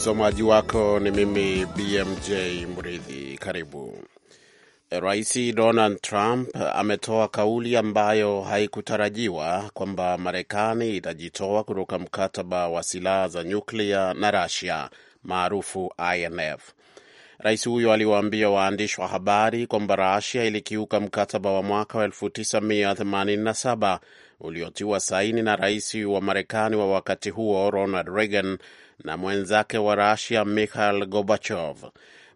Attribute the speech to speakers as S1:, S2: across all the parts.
S1: Msomaji wako ni mimi BMJ Mridhi. Karibu. Rais Donald Trump ametoa kauli ambayo haikutarajiwa kwamba Marekani itajitoa kutoka mkataba wa silaha za nyuklia na rusia maarufu INF. Rais huyo aliwaambia waandishi wa habari kwamba rusia ilikiuka mkataba wa mwaka wa 1987 uliotiwa saini na rais wa Marekani wa wakati huo Ronald Reagan na mwenzake wa Rasia Mikhail Gorbachev.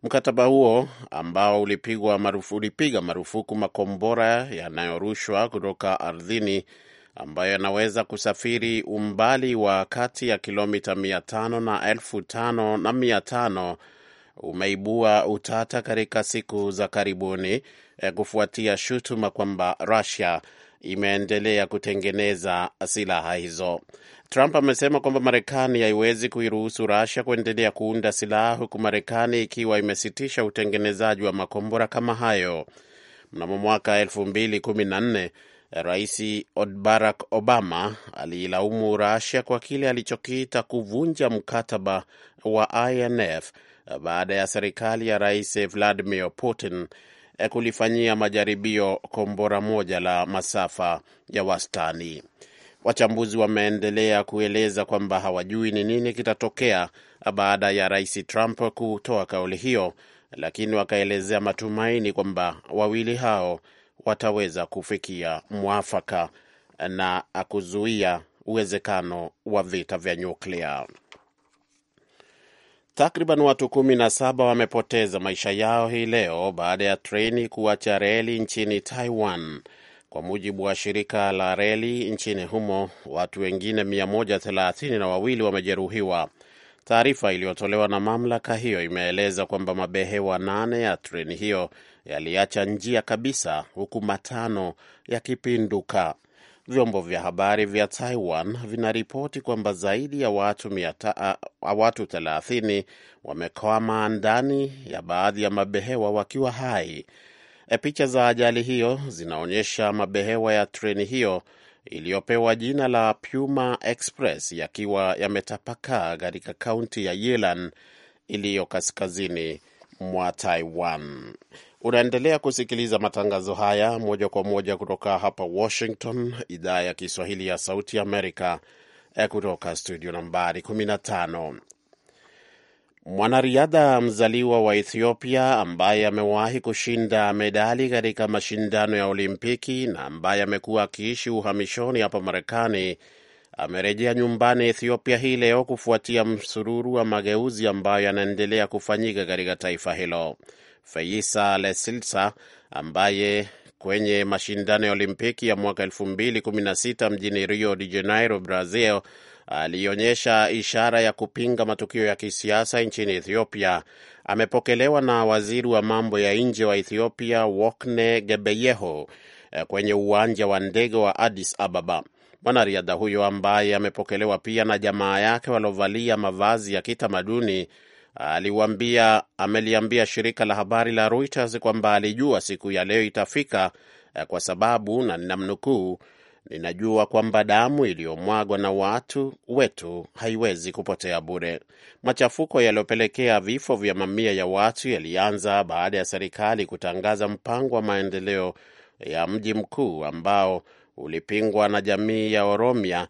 S1: Mkataba huo ambao ulipiga marufu, ulipiga marufuku makombora yanayorushwa kutoka ardhini ambayo yanaweza kusafiri umbali wa kati ya kilomita mia tano na elfu tano na mia tano umeibua utata katika siku za karibuni eh, kufuatia shutuma kwamba rusia imeendelea kutengeneza silaha hizo. Trump amesema kwamba Marekani haiwezi kuiruhusu rasia kuendelea kuunda silaha huku Marekani ikiwa imesitisha utengenezaji wa makombora kama hayo. Mnamo mwaka 214 Rais Barack Obama aliilaumu rasia kwa kile alichokiita kuvunja mkataba wa INF baada ya serikali ya Rais Vladimir Putin Eh, kulifanyia majaribio kombora moja la masafa ya wastani. Wachambuzi wameendelea kueleza kwamba hawajui ni nini kitatokea baada ya Rais Trump kutoa kauli hiyo, lakini wakaelezea matumaini kwamba wawili hao wataweza kufikia mwafaka na kuzuia uwezekano wa vita vya nyuklia. Takriban watu kumi na saba wamepoteza maisha yao hii leo baada ya treni kuacha reli nchini Taiwan. Kwa mujibu wa shirika la reli nchini humo, watu wengine mia moja thelathini na wawili wamejeruhiwa. Taarifa iliyotolewa na mamlaka hiyo imeeleza kwamba mabehewa nane ya treni hiyo yaliacha njia kabisa, huku matano yakipinduka. Vyombo vya habari vya Taiwan vinaripoti kwamba zaidi ya watu, miata, watu 30 wamekwama ndani ya baadhi ya mabehewa wakiwa hai. E, picha za ajali hiyo zinaonyesha mabehewa ya treni hiyo iliyopewa jina la Puma Express yakiwa yametapakaa katika kaunti ya Yilan iliyo kaskazini mwa Taiwan. Unaendelea kusikiliza matangazo haya moja kwa moja kutoka hapa Washington, idhaa ya Kiswahili ya Sauti Amerika, eh, kutoka studio nambari 15. Mwanariadha mzaliwa wa Ethiopia ambaye amewahi kushinda medali katika mashindano ya Olimpiki na ambaye amekuwa akiishi uhamishoni hapa Marekani amerejea nyumbani Ethiopia hii leo kufuatia msururu wa mageuzi ambayo yanaendelea kufanyika katika taifa hilo. Feisa Lesilsa ambaye kwenye mashindano ya Olimpiki ya mwaka 2016 mjini Rio de Janeiro, Brazil, alionyesha ishara ya kupinga matukio ya kisiasa nchini Ethiopia. Amepokelewa na waziri wa mambo ya nje wa Ethiopia Wokne Gebeyeho eh, kwenye uwanja wa ndege wa Addis Ababa. Mwanariadha huyo ambaye amepokelewa pia na jamaa yake waliovalia mavazi ya kitamaduni aliwaambia ameliambia shirika la habari la Reuters kwamba alijua siku ya leo itafika eh, kwa sababu, na ninamnukuu, ninajua kwamba damu iliyomwagwa na watu wetu haiwezi kupotea bure. Machafuko yaliyopelekea vifo vya mamia ya watu yalianza baada ya serikali kutangaza mpango wa maendeleo ya mji mkuu ambao ulipingwa na jamii ya Oromia,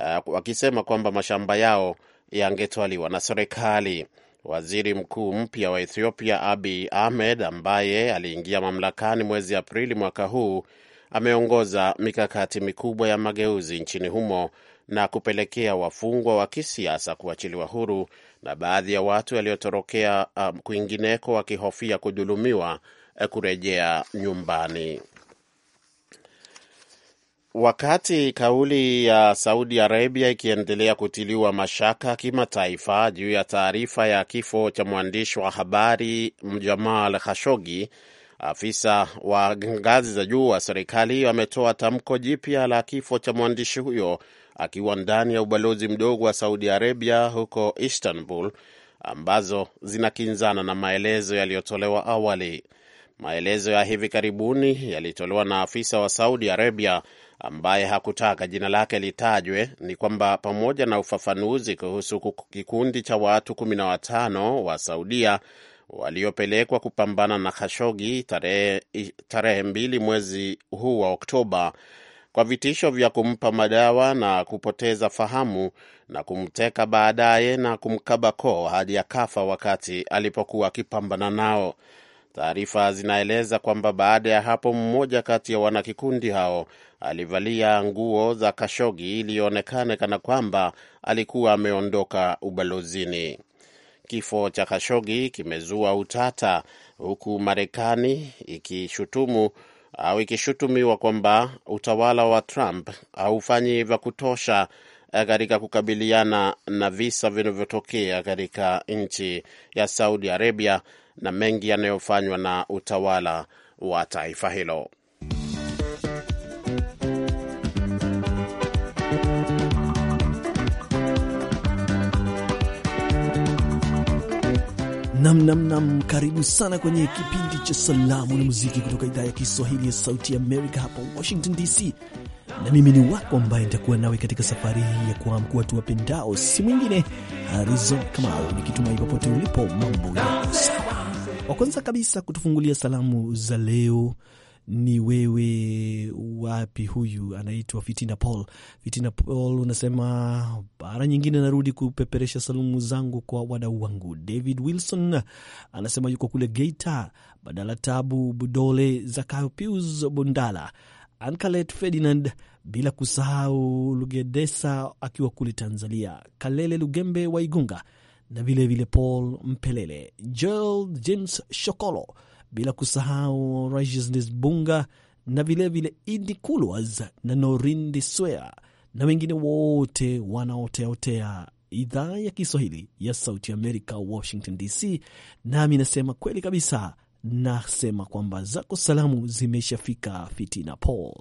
S1: uh, wakisema kwamba mashamba yao yangetwaliwa na serikali. Waziri mkuu mpya wa Ethiopia abi Ahmed ambaye aliingia mamlakani mwezi Aprili mwaka huu ameongoza mikakati mikubwa ya mageuzi nchini humo na kupelekea wafungwa wa kisiasa kuachiliwa huru na baadhi ya watu waliotorokea um, kwingineko wakihofia kudhulumiwa eh, kurejea nyumbani. Wakati kauli ya Saudi Arabia ikiendelea kutiliwa mashaka kimataifa juu ya taarifa ya kifo cha mwandishi wa habari Jamal Khashoggi, afisa wa ngazi za juu wa serikali ametoa tamko jipya la kifo cha mwandishi huyo akiwa ndani ya ubalozi mdogo wa Saudi Arabia huko Istanbul, ambazo zinakinzana na maelezo yaliyotolewa awali. Maelezo ya hivi karibuni yalitolewa na afisa wa Saudi Arabia ambaye hakutaka jina lake litajwe, ni kwamba pamoja na ufafanuzi kuhusu kikundi cha watu kumi na watano wa Saudia waliopelekwa kupambana na Khashogi tarehe, tarehe mbili mwezi huu wa Oktoba kwa vitisho vya kumpa madawa na kupoteza fahamu na kumteka baadaye na kumkaba koo hadi akafa wakati alipokuwa akipambana nao. Taarifa zinaeleza kwamba baada ya hapo mmoja kati ya wanakikundi hao alivalia nguo za Kashogi iliyoonekana kana kwamba alikuwa ameondoka ubalozini. Kifo cha Kashogi kimezua utata, huku Marekani ikishutumu au ikishutumiwa kwamba utawala wa Trump haufanyi vya kutosha eh, katika kukabiliana na visa vinavyotokea katika nchi ya Saudi Arabia na mengi yanayofanywa na utawala wa taifa hilo.
S2: Namnamnam nam, karibu sana kwenye kipindi cha salamu na muziki kutoka idhaa ya Kiswahili ya Sauti ya Amerika hapa Washington DC, na mimi ni wako ambaye nitakuwa nawe katika safari hii ya kuamkua tu wapendao, si mwingine Harizon Kamau, nikitumai popote ulipo mambo yako sawa. Wa kwanza kabisa kutufungulia salamu za leo ni wewe wapi? Huyu anaitwa Fitina Paul. Fitina Paul unasema mara nyingine narudi kupeperesha salamu zangu kwa wadau wangu. David Wilson anasema yuko kule Geita, Badala Tabu Budole, Zakayo Pius bundala Ankalet Ferdinand, bila kusahau Lugedesa akiwa kule Tanzania, Kalele Lugembe Waigunga na vilevile Paul Mpelele, Joel James Shokolo, bila kusahau Righteousness Bunga na vilevile Idi Kulwas na Norindi Swea na wengine wote wanaoteotea idhaa ya Kiswahili ya Sauti Amerika, Washington DC. Nami nasema kweli kabisa, nasema kwamba zako salamu zimeshafika, Fitina Paul.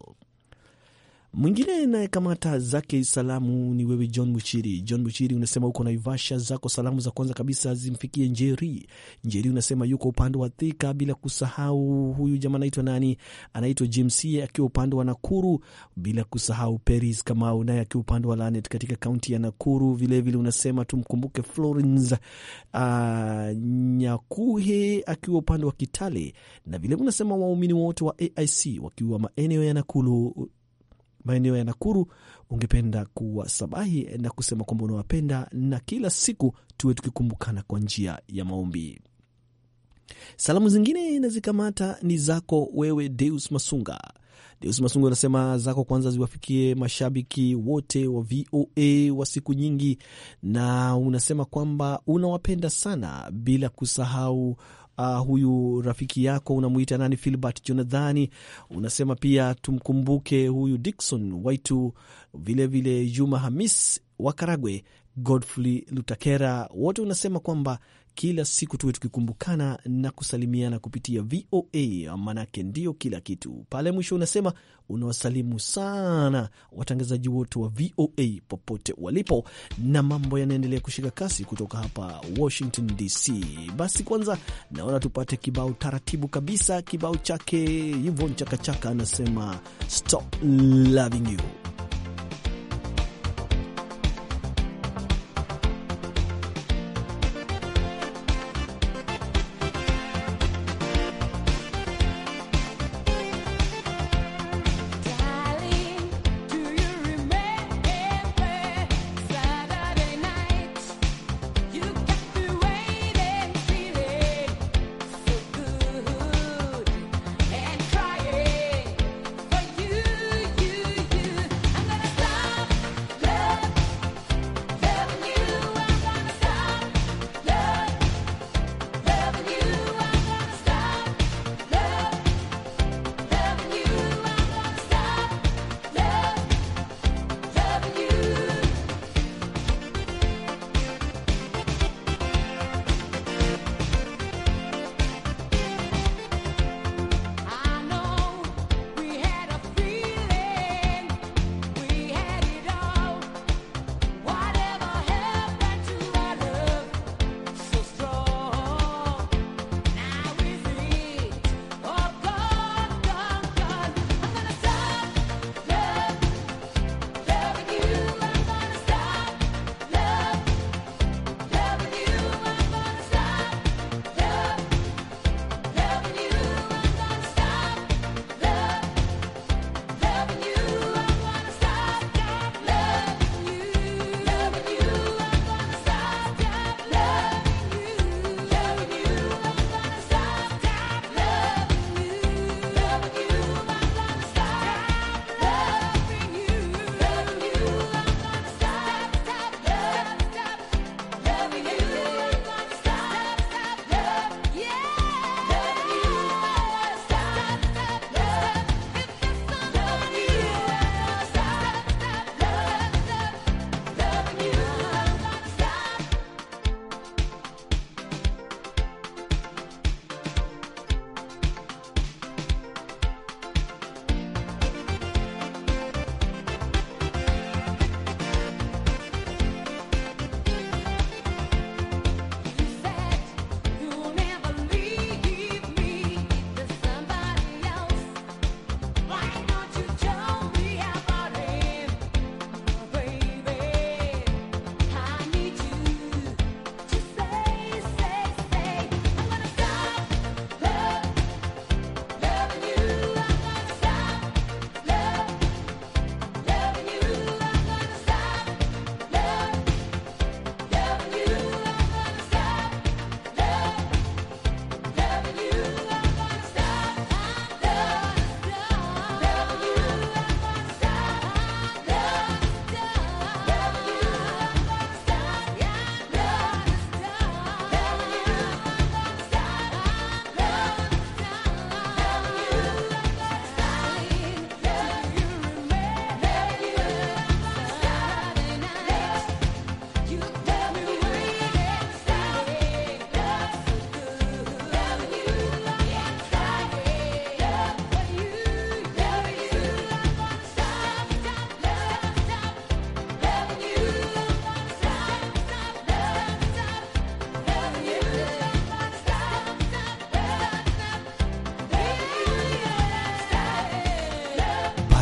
S2: Mwingine naye kamata zake salamu ni wewe John Muchiri. John Muchiri, unasema uko Naivasha, zako salamu za kwanza kabisa zimfikie Njeri. Njeri unasema yuko upande wa Thika, bila kusahau huyu jamaa anaitwa nani, anaitwa James akiwa upande wa Nakuru, bila kusahau Peris Kamau naye akiwa upande wa Lanet katika kaunti ya Nakuru. Vilevile vile unasema tumkumbuke Florence uh, Nyakuhe akiwa upande wa Kitale, na vilevile unasema waumini wote wa AIC wakiwa maeneo ya Nakuru maeneo ya Nakuru, ungependa kuwasabahi na kusema kwamba unawapenda na kila siku tuwe tukikumbukana kwa njia ya maombi. Salamu zingine nazikamata ni zako wewe Deus Masunga. Deus Masunga unasema zako kwanza ziwafikie mashabiki wote wa VOA wa siku nyingi, na unasema kwamba unawapenda sana bila kusahau uh, huyu rafiki yako unamuita nani, Filbert jonathani unasema pia tumkumbuke huyu dikson Waitu, vilevile Juma Hamis wa Karagwe Godfrey Lutakera, wote unasema kwamba kila siku tuwe tukikumbukana na kusalimiana kupitia VOA, manake ndiyo kila kitu. Pale mwisho unasema unawasalimu sana watangazaji wote wa VOA popote walipo, na mambo yanaendelea kushika kasi kutoka hapa Washington DC. Basi kwanza naona tupate kibao taratibu kabisa, kibao chake Yvonne Chakachaka anasema stop loving you.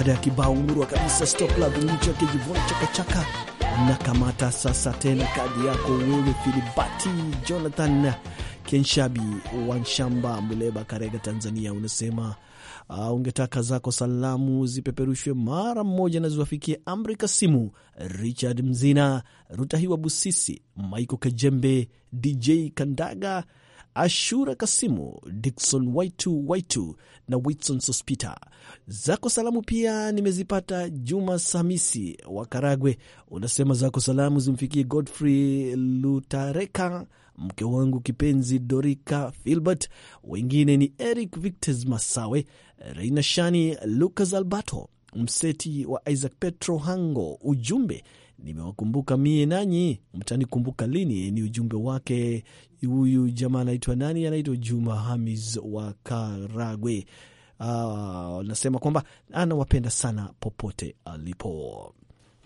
S2: baada ya kibao murwa kabisa Stop Love chaka chaka na kamata sasa tena kadi yako wewe, Filibati Jonathan Kenshabi Wanshamba, Muleba, Karega, Tanzania. Unasema uh, ungetaka zako salamu zipeperushwe mara mmoja na ziwafikie Amri Kasimu, Richard Mzina, Rutahiwa Busisi, Maiko Kajembe, DJ Kandaga Ashura Kasimu, Dikson Waitu Waitu na witson Sospita. Zako salamu pia nimezipata. Juma Samisi wa Karagwe unasema zako salamu zimfikie Godfrey Lutareka, mke wangu kipenzi Dorika Filbert, wengine ni Eric Victes Masawe, Reina Shani, Lucas Alberto Mseti wa Isaac Petro Hango. Ujumbe nimewakumbuka mie nanyi mtanikumbuka lini? Ni ujumbe wake huyu jamaa anaitwa nani? Anaitwa Juma Hamis wa Karagwe. Anasema ah, kwamba anawapenda sana popote alipo.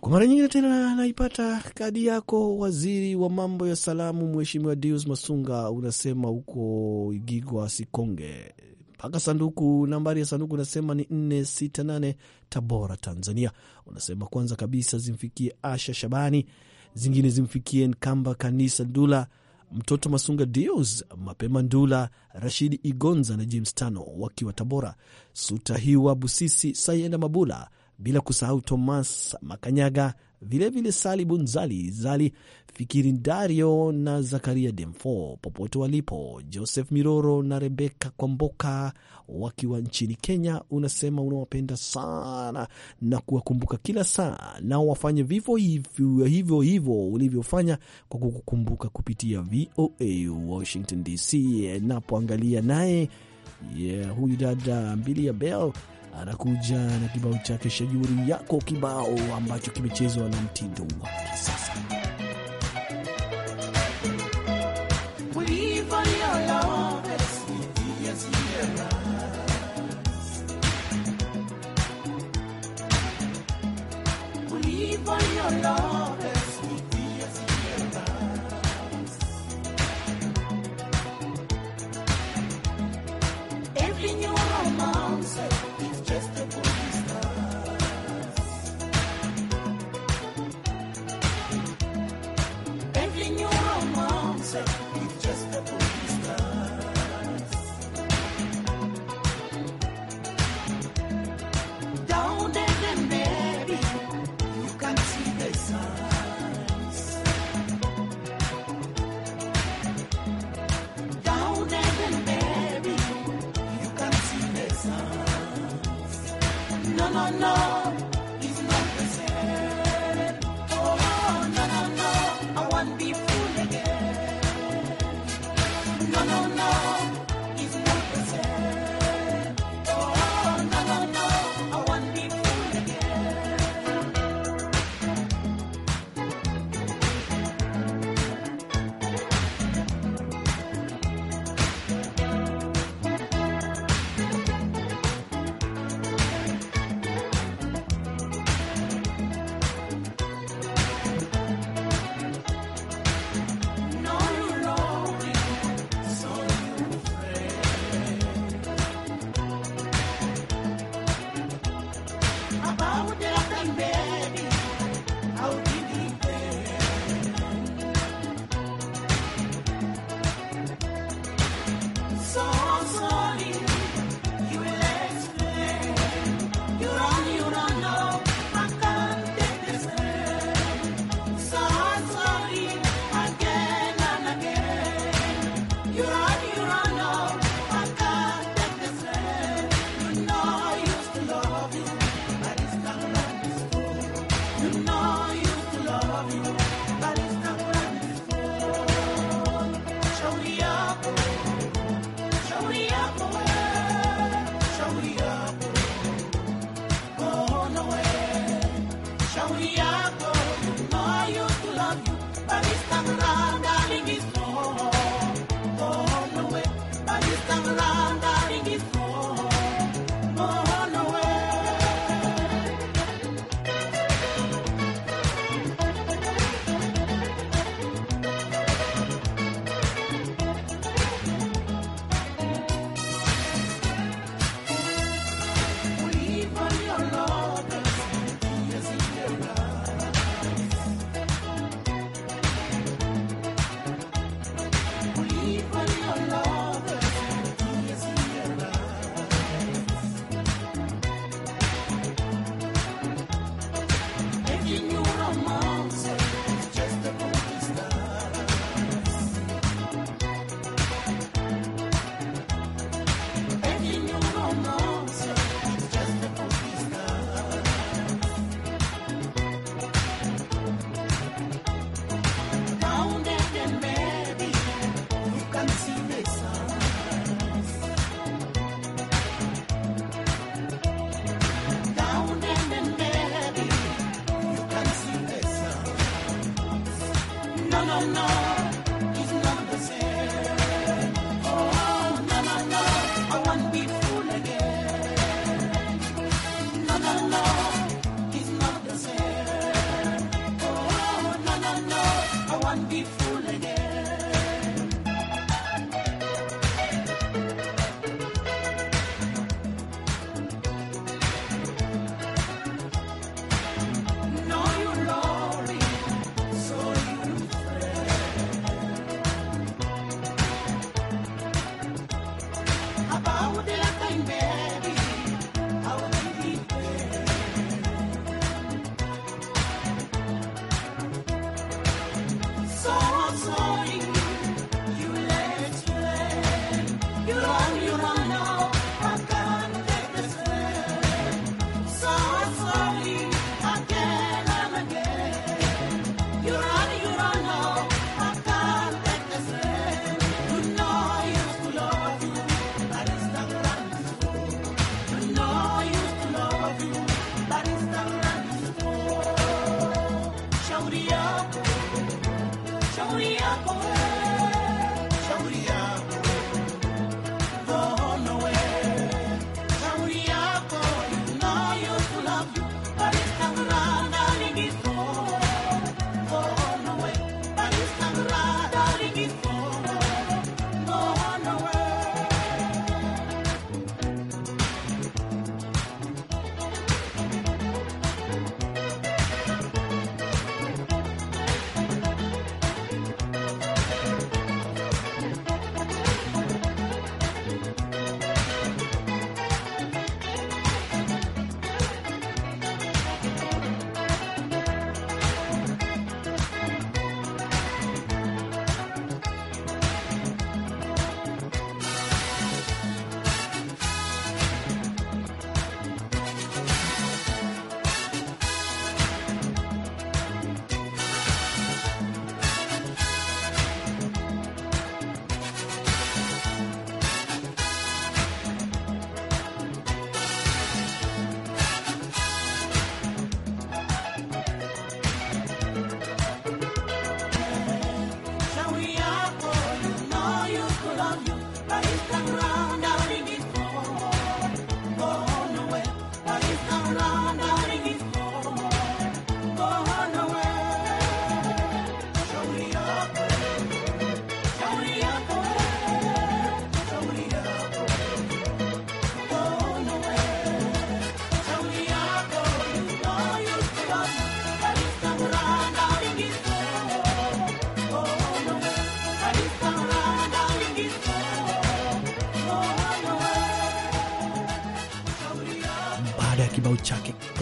S2: Kwa mara nyingine tena naipata kadi yako, waziri wa mambo ya salamu, Mheshimiwa Deus Masunga, unasema huko Igigwa Sikonge mpaka sanduku. Nambari ya sanduku unasema ni 468 Tabora, Tanzania. Unasema kwanza kabisa zimfikie Asha Shabani, zingine zimfikie Nkamba Kanisa Ndula, Mtoto Masunga, Dios Mapema Ndula, Rashidi Igonza na James Tano wakiwa Tabora, Sutahiwa Busisi, Sayenda Mabula, bila kusahau Thomas Makanyaga vilevile Sali Bunzali, Zali Fikirindario na Zakaria Demfo popote walipo. Joseph Miroro na Rebeka Kwamboka wakiwa nchini Kenya, unasema unawapenda sana na kuwakumbuka kila saa, nao wafanye vifo hivyo hivyo hivyo ulivyofanya kwa kukukumbuka kupitia VOA Washington DC. Napoangalia naye yeah, huyu dada Mbilia Bell anakuja na kibao chake shajuri Yako, kibao ambacho kimechezwa na mtindo wa kisasa.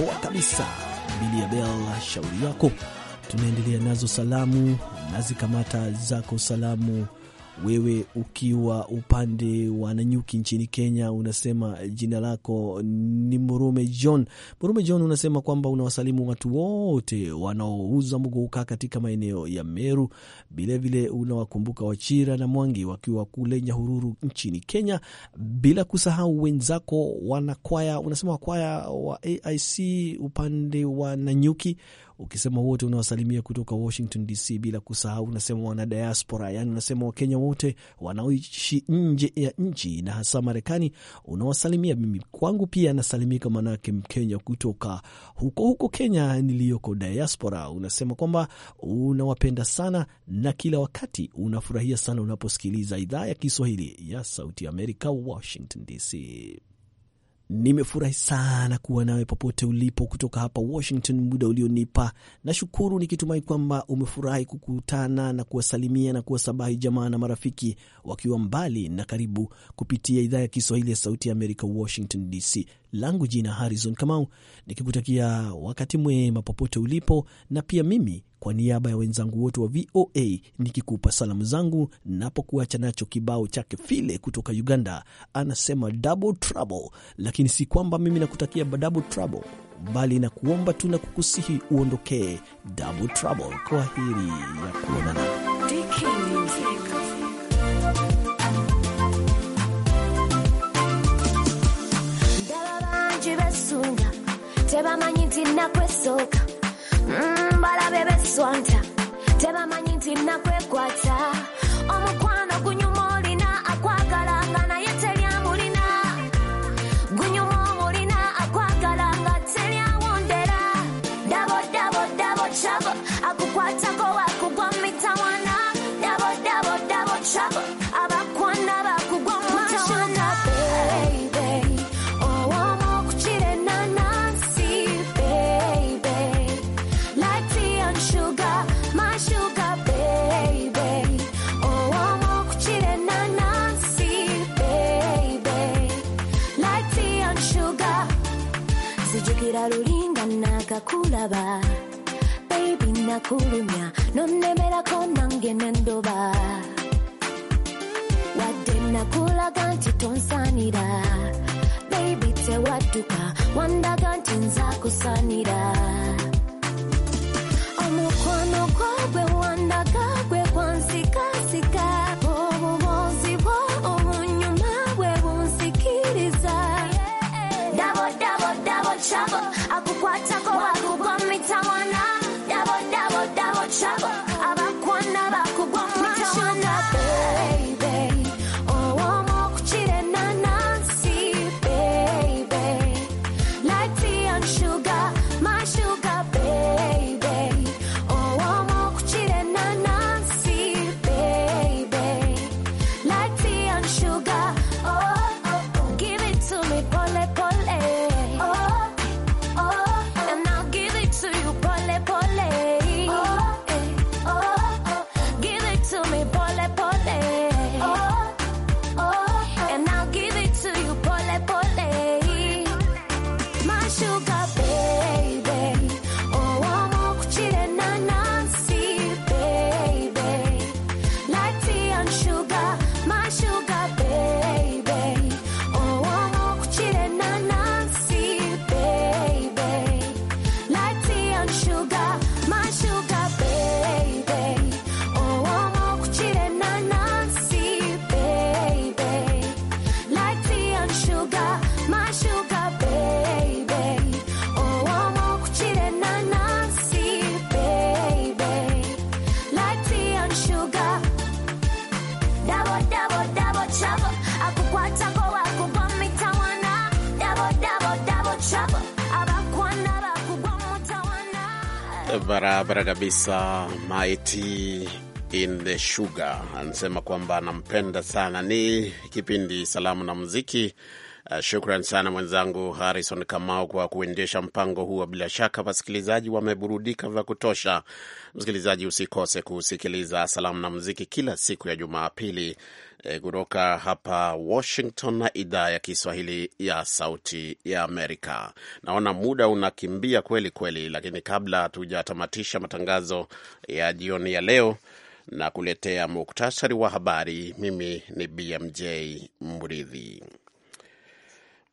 S2: poa kabisa, Bilia Bel, shauri yako. Tunaendelea nazo salamu, nazikamata zako salamu wewe ukiwa upande wa Nanyuki nchini Kenya, unasema jina lako ni Murume John. Murume John, unasema kwamba unawasalimu watu wote wanaouza mgouka katika maeneo ya Meru. Vilevile unawakumbuka Wachira na Mwangi wakiwa kule Nyahururu nchini Kenya, bila kusahau wenzako wanakwaya. Unasema wakwaya wa AIC upande wa Nanyuki ukisema wote unawasalimia kutoka Washington DC, bila kusahau unasema diaspora, yaani unasema Wakenya wote wanaoishi nje ya nchi na hasa Marekani unawasalimia. Mimi kwangu pia nasalimika, manake Mkenya kutoka huko huko Kenya niliyoko diaspora. Unasema kwamba unawapenda sana na kila wakati unafurahia sana unaposikiliza idhaa ya Kiswahili ya Sauti ya Amerika, Washington DC. Nimefurahi sana kuwa nawe popote ulipo kutoka hapa Washington, muda ulionipa. Nashukuru nikitumai kwamba umefurahi kukutana na kuwasalimia na kuwasabahi jamaa na marafiki wakiwa mbali na karibu, kupitia idhaa ya Kiswahili ya Sauti ya Amerika, Washington DC. Langu jina Harrison Kamau, nikikutakia wakati mwema popote ulipo, na pia mimi kwa niaba ya wenzangu wote wa VOA nikikupa salamu zangu, napokuacha nacho kibao chake File kutoka Uganda, anasema double trouble. Lakini si kwamba mimi nakutakia double trouble, bali nakuomba tu na kukusihi uondokee double trouble. Kwa heri ya kuonana.
S3: tebamanyi balabe beswanta tebamanyinti nakwekwaza
S1: Barabara kabisa. Mighty in the Sugar anasema kwamba anampenda sana. Ni kipindi salamu na muziki Uh, shukran sana mwenzangu Harrison Kamau kwa kuendesha mpango huo. Bila shaka wasikilizaji wameburudika vya kutosha. Msikilizaji, usikose kusikiliza salamu na muziki kila siku ya Jumapili eh, kutoka hapa Washington na idhaa ya Kiswahili ya Sauti ya Amerika. Naona muda unakimbia kweli kweli, lakini kabla hatujatamatisha matangazo ya jioni ya leo na kuletea muktasari wa habari, mimi ni BMJ Mridhi.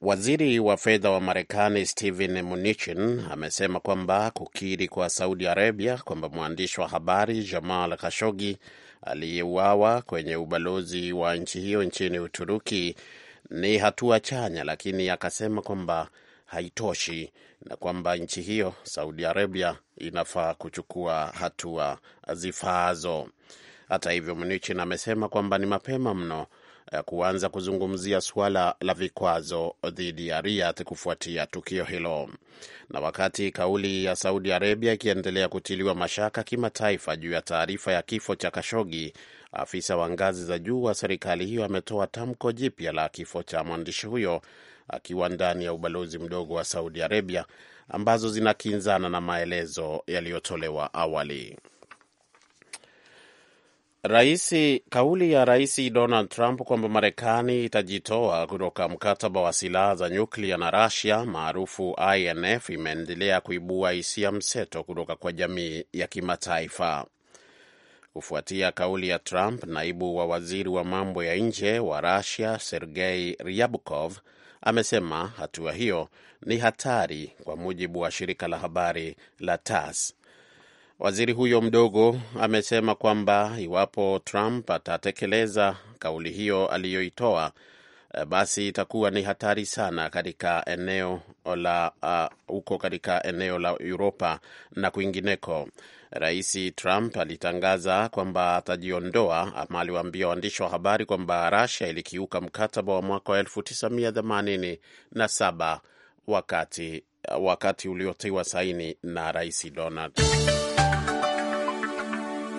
S1: Waziri wa fedha wa Marekani Steven Mnuchin amesema kwamba kukiri kwa Saudi Arabia kwamba mwandishi wa habari Jamal Khashoggi aliyeuawa kwenye ubalozi wa nchi hiyo nchini Uturuki ni hatua chanya, lakini akasema kwamba haitoshi na kwamba nchi hiyo Saudi Arabia inafaa kuchukua hatua zifaazo. Hata hivyo, Mnuchin amesema kwamba ni mapema mno kuanza kuzungumzia suala la vikwazo dhidi ya Riyadh kufuatia tukio hilo. Na wakati kauli ya Saudi Arabia ikiendelea kutiliwa mashaka kimataifa juu ya taarifa ya kifo cha Kashogi, afisa wa ngazi za juu wa serikali hiyo ametoa tamko jipya la kifo cha mwandishi huyo akiwa ndani ya ubalozi mdogo wa Saudi Arabia ambazo zinakinzana na maelezo yaliyotolewa awali. Raisi, kauli ya Rais Donald Trump kwamba Marekani itajitoa kutoka mkataba wa silaha za nyuklia na rusia maarufu INF imeendelea kuibua hisia mseto kutoka kwa jamii ya kimataifa. Kufuatia kauli ya Trump, naibu wa waziri wa mambo ya nje wa rusia Sergei Ryabkov amesema hatua hiyo ni hatari, kwa mujibu wa shirika la habari la TASS. Waziri huyo mdogo amesema kwamba iwapo Trump atatekeleza kauli hiyo aliyoitoa, eh, basi itakuwa ni hatari sana katika eneo la huko, uh, katika eneo la Uropa na kwingineko. Rais Trump alitangaza kwamba atajiondoa ama aliwaambia waandishi wa habari kwamba Rasia ilikiuka mkataba wa mwaka wa 987 wakati wakati uliotiwa saini na Rais Donald